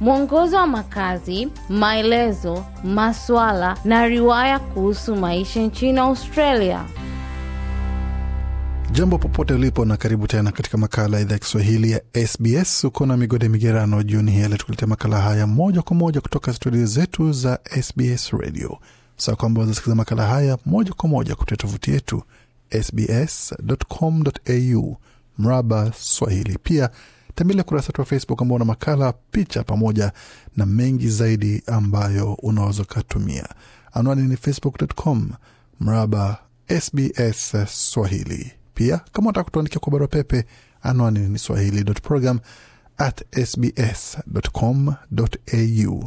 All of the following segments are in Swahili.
mwongozo wa makazi, maelezo, maswala na riwaya kuhusu maisha nchini Australia. Jambo popote ulipo na karibu tena katika makala ya idhaa ya Kiswahili ya SBS. Uko na migode migerano jioni hii, tukuletea makala haya moja kwa moja kutoka studio zetu za SBS Radio. Saa kwamba wazasikiza makala haya moja kwa moja kupitia tovuti yetu sbs.com.au mraba Swahili. Pia tembelea kurasa wa Facebook ambao una makala, picha pamoja na mengi zaidi ambayo unaweza ukatumia. Anwani ni facebook.com mraba SBS Swahili. Pia kama unataka kutuandikia kwa barua pepe, anwani ni swahili.program at sbs.com.au.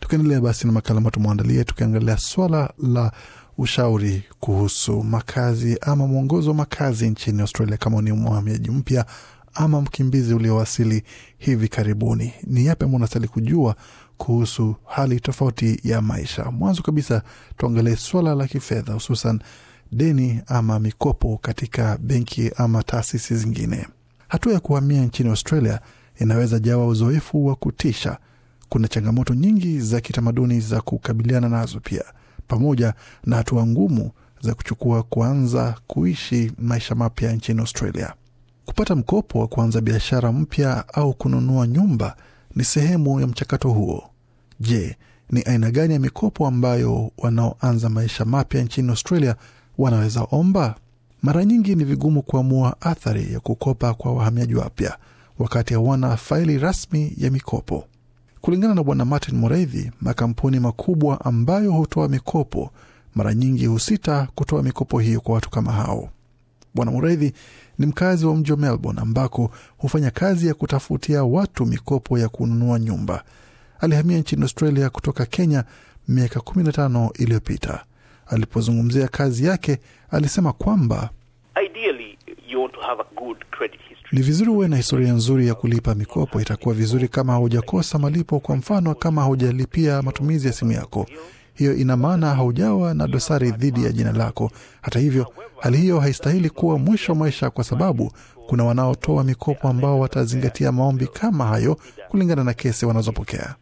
Tukiendelea basi na makala ambayo tumeandalia, tukiangalia swala la ushauri kuhusu makazi ama mwongozo wa makazi nchini Australia kama ni mhamiaji mpya ama mkimbizi uliowasili hivi karibuni? Ni yapi ambao unastahili kujua kuhusu hali tofauti ya maisha? Mwanzo kabisa, tuangalie swala la kifedha, hususan deni ama mikopo katika benki ama taasisi zingine. Hatua ya kuhamia nchini Australia inaweza jawa uzoefu wa kutisha. Kuna changamoto nyingi za kitamaduni za kukabiliana nazo pia, pamoja na hatua ngumu za kuchukua kuanza kuishi maisha mapya nchini Australia. Kupata mkopo wa kuanza biashara mpya au kununua nyumba ni sehemu ya mchakato huo. Je, ni aina gani ya mikopo ambayo wanaoanza maisha mapya nchini Australia wanaweza omba? Mara nyingi ni vigumu kuamua athari ya kukopa kwa wahamiaji wapya wakati hawana faili rasmi ya mikopo. Kulingana na Bwana Martin moreidhi makampuni makubwa ambayo hutoa mikopo mara nyingi husita kutoa mikopo hiyo kwa watu kama hao. Bwana muraidhi ni mkazi wa mji wa Melbourne ambako hufanya kazi ya kutafutia watu mikopo ya kununua nyumba. Alihamia nchini Australia kutoka Kenya miaka 15 iliyopita. Alipozungumzia kazi yake, alisema kwamba Ideally, you want to have a good credit history. Ni vizuri huwe na historia nzuri ya kulipa mikopo. Itakuwa vizuri kama haujakosa malipo, kwa mfano kama haujalipia matumizi ya simu yako hiyo ina maana haujawa na dosari dhidi ya jina lako. Hata hivyo, hali hiyo haistahili kuwa mwisho wa maisha, kwa sababu kuna wanaotoa mikopo ambao watazingatia maombi kama hayo kulingana na kesi wanazopokea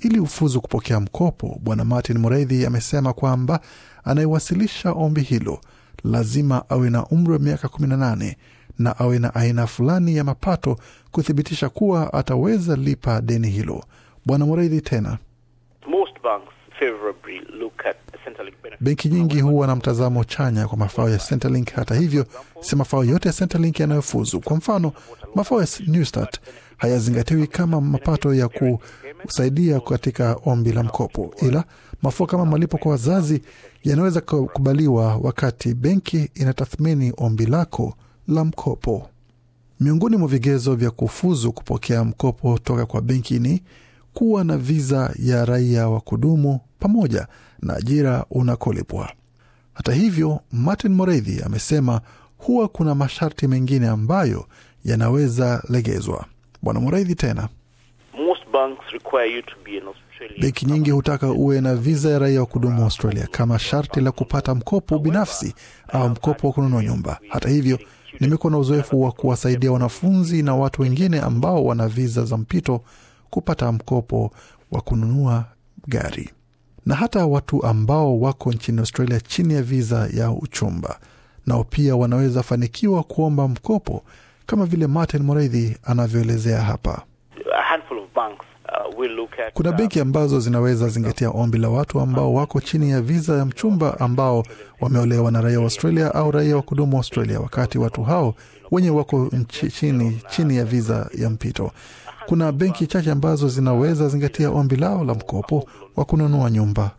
ili ufuzu kupokea mkopo. Bwana Martin Mureithi amesema kwamba anayewasilisha ombi hilo lazima awe na umri wa miaka 18 na awe na aina fulani ya mapato kuthibitisha kuwa ataweza lipa deni hilo. Bwana Mureithi tena Benki nyingi huwa na mtazamo chanya kwa mafao ya Centrelink. Hata hivyo, si mafao yote ya Centrelink yanayofuzu. Kwa mfano, mafao ya Newstart hayazingatiwi kama mapato ya kusaidia katika ombi la mkopo, ila mafao kama malipo kwa wazazi yanaweza kukubaliwa wakati benki inatathmini ombi lako la mkopo. Miongoni mwa vigezo vya kufuzu kupokea mkopo toka kwa benki ni kuwa na viza ya raia wa kudumu pamoja na ajira unakolipwa. Hata hivyo, Martin moreidhi amesema huwa kuna masharti mengine ambayo yanaweza legezwa. Bwana moreidhi tena Benki nyingi hutaka uwe na viza ya raia wa kudumu Australia kama sharti la kupata mkopo binafsi au mkopo wa kununua nyumba. Hata hivyo, nimekuwa na uzoefu wa kuwasaidia wanafunzi na watu wengine ambao wana viza za mpito kupata mkopo wa kununua gari na hata watu ambao wako nchini Australia chini ya viza ya uchumba nao pia wanaweza fanikiwa kuomba mkopo kama vile Martin Moraidhi anavyoelezea hapa. Uh, Kuna uh, benki ambazo zinaweza zingatia ombi la watu ambao wako chini ya viza ya mchumba ambao wameolewa na raia wa Australia au raia wa kudumu wa Australia, wakati watu hao wenye wako nchi chini chini ya viza ya mpito. Kuna benki chache ambazo zinaweza zingatia ombi lao la mkopo wa kununua nyumba.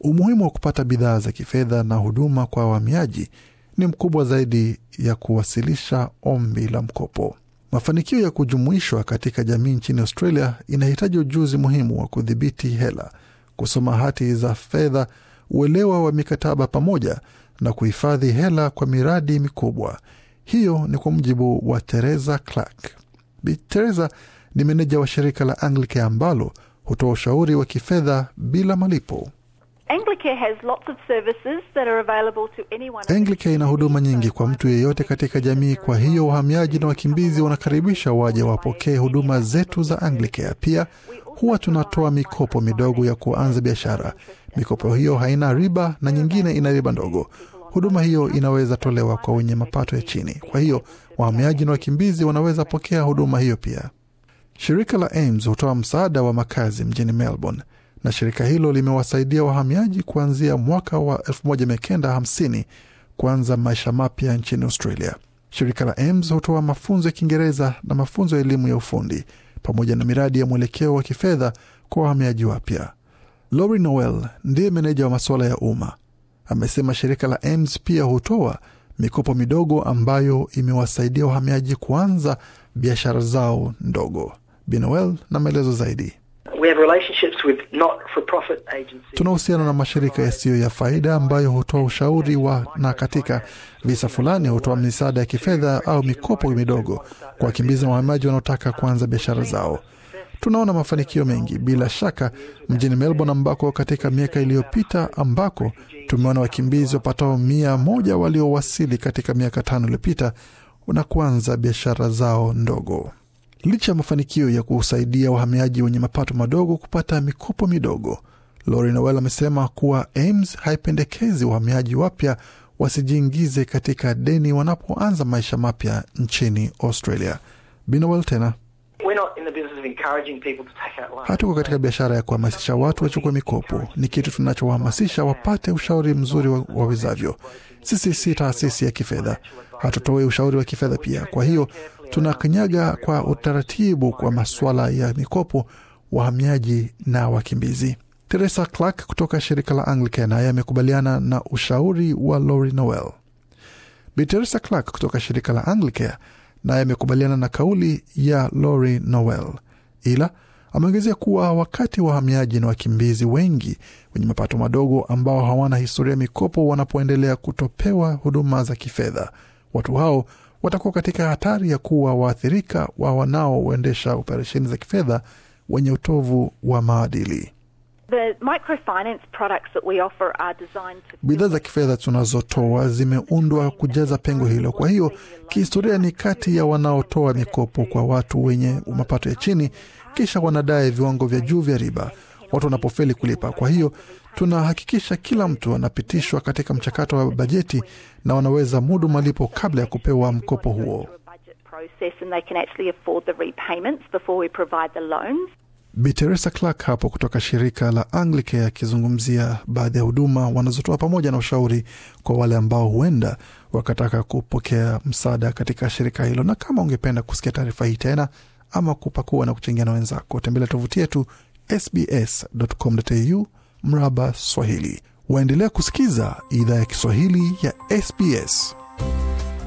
Umuhimu wa kupata bidhaa za kifedha na huduma kwa wahamiaji ni mkubwa zaidi ya kuwasilisha ombi la mkopo. Mafanikio ya kujumuishwa katika jamii nchini Australia inahitaji ujuzi muhimu wa kudhibiti hela, kusoma hati za fedha, uelewa wa mikataba, pamoja na kuhifadhi hela kwa miradi mikubwa. Hiyo ni kwa mujibu wa Teresa Clark. Bi Teresa ni meneja wa shirika la Anglicare ambalo hutoa ushauri wa kifedha bila malipo. Anglicare ina huduma nyingi kwa mtu yeyote katika jamii. Kwa hiyo wahamiaji na wakimbizi wanakaribisha waje wapokee huduma zetu za Anglicare. Pia huwa tunatoa mikopo midogo ya kuanza biashara. Mikopo hiyo haina riba na nyingine ina riba ndogo. Huduma hiyo inaweza tolewa kwa wenye mapato ya chini. Kwa hiyo wahamiaji na wakimbizi wanaweza pokea huduma hiyo pia. Shirika la AMS hutoa msaada wa makazi mjini Melbourne na shirika hilo limewasaidia wahamiaji kuanzia mwaka wa 1950 kuanza maisha mapya nchini Australia. Shirika la AMS hutoa mafunzo ya Kiingereza na mafunzo ya elimu ya ufundi pamoja na miradi ya mwelekeo wa kifedha kwa wahamiaji wapya. Lori Noel ndiye meneja wa masuala ya umma, amesema shirika la AMS pia hutoa mikopo midogo ambayo imewasaidia wahamiaji kuanza biashara zao ndogo. Binoel na maelezo zaidi. Tuna uhusiano na mashirika yasiyo ya faida ambayo hutoa ushauri wa na katika visa fulani hutoa misaada ya kifedha au mikopo midogo kwa wakimbizi na wahamiaji wanaotaka kuanza biashara zao. Tunaona mafanikio mengi bila shaka mjini Melbourne, ambako katika miaka iliyopita ambako tumeona wakimbizi wapatao mia moja waliowasili katika miaka tano iliyopita na kuanza biashara zao ndogo. Licha ya mafanikio ya kusaidia wahamiaji wenye mapato madogo kupata mikopo midogo, Lori Noel amesema kuwa AMS haipendekezi wahamiaji wapya wasijiingize katika deni wanapoanza maisha mapya nchini Australia. Binowel tena Hatuko katika biashara ya kuhamasisha watu wachukue mikopo, ni kitu tunachowahamasisha wapate ushauri mzuri wawezavyo. Sisi si taasisi ya kifedha, hatutoi ushauri wa kifedha pia. Kwa hiyo tunakanyaga kwa utaratibu kwa masuala ya mikopo, wahamiaji na wakimbizi. Teresa Clark kutoka shirika la Anglican naye amekubaliana na ushauri wa Lori Noel. Bi Teresa Clark kutoka shirika la Anglicare naye amekubaliana na kauli ya Lori Noel ila ameongezea kuwa wakati wahamiaji na wakimbizi wengi wenye mapato madogo ambao hawana historia ya mikopo wanapoendelea kutopewa huduma za kifedha, watu hao watakuwa katika hatari ya kuwa waathirika wa wanaoendesha operesheni za kifedha wenye utovu wa maadili. Bidhaa za kifedha tunazotoa zimeundwa kujaza pengo hilo. Kwa hiyo kihistoria ni kati ya wanaotoa mikopo kwa watu wenye mapato ya chini, kisha wanadai viwango vya juu vya riba watu wanapofeli kulipa. Kwa hiyo tunahakikisha kila mtu anapitishwa katika mchakato wa bajeti na wanaweza mudu malipo kabla ya kupewa mkopo huo bteresa Clark hapo kutoka shirika la Anglicare akizungumzia baadhi ya huduma wanazotoa pamoja na ushauri kwa wale ambao huenda wakataka kupokea msaada katika shirika hilo. Na kama ungependa kusikia taarifa hii tena ama kupakua na kuchangia na wenzako, tembelea tovuti yetu sbs.com.au mraba Swahili. Waendelea kusikiza idhaa ya Kiswahili ya SBS.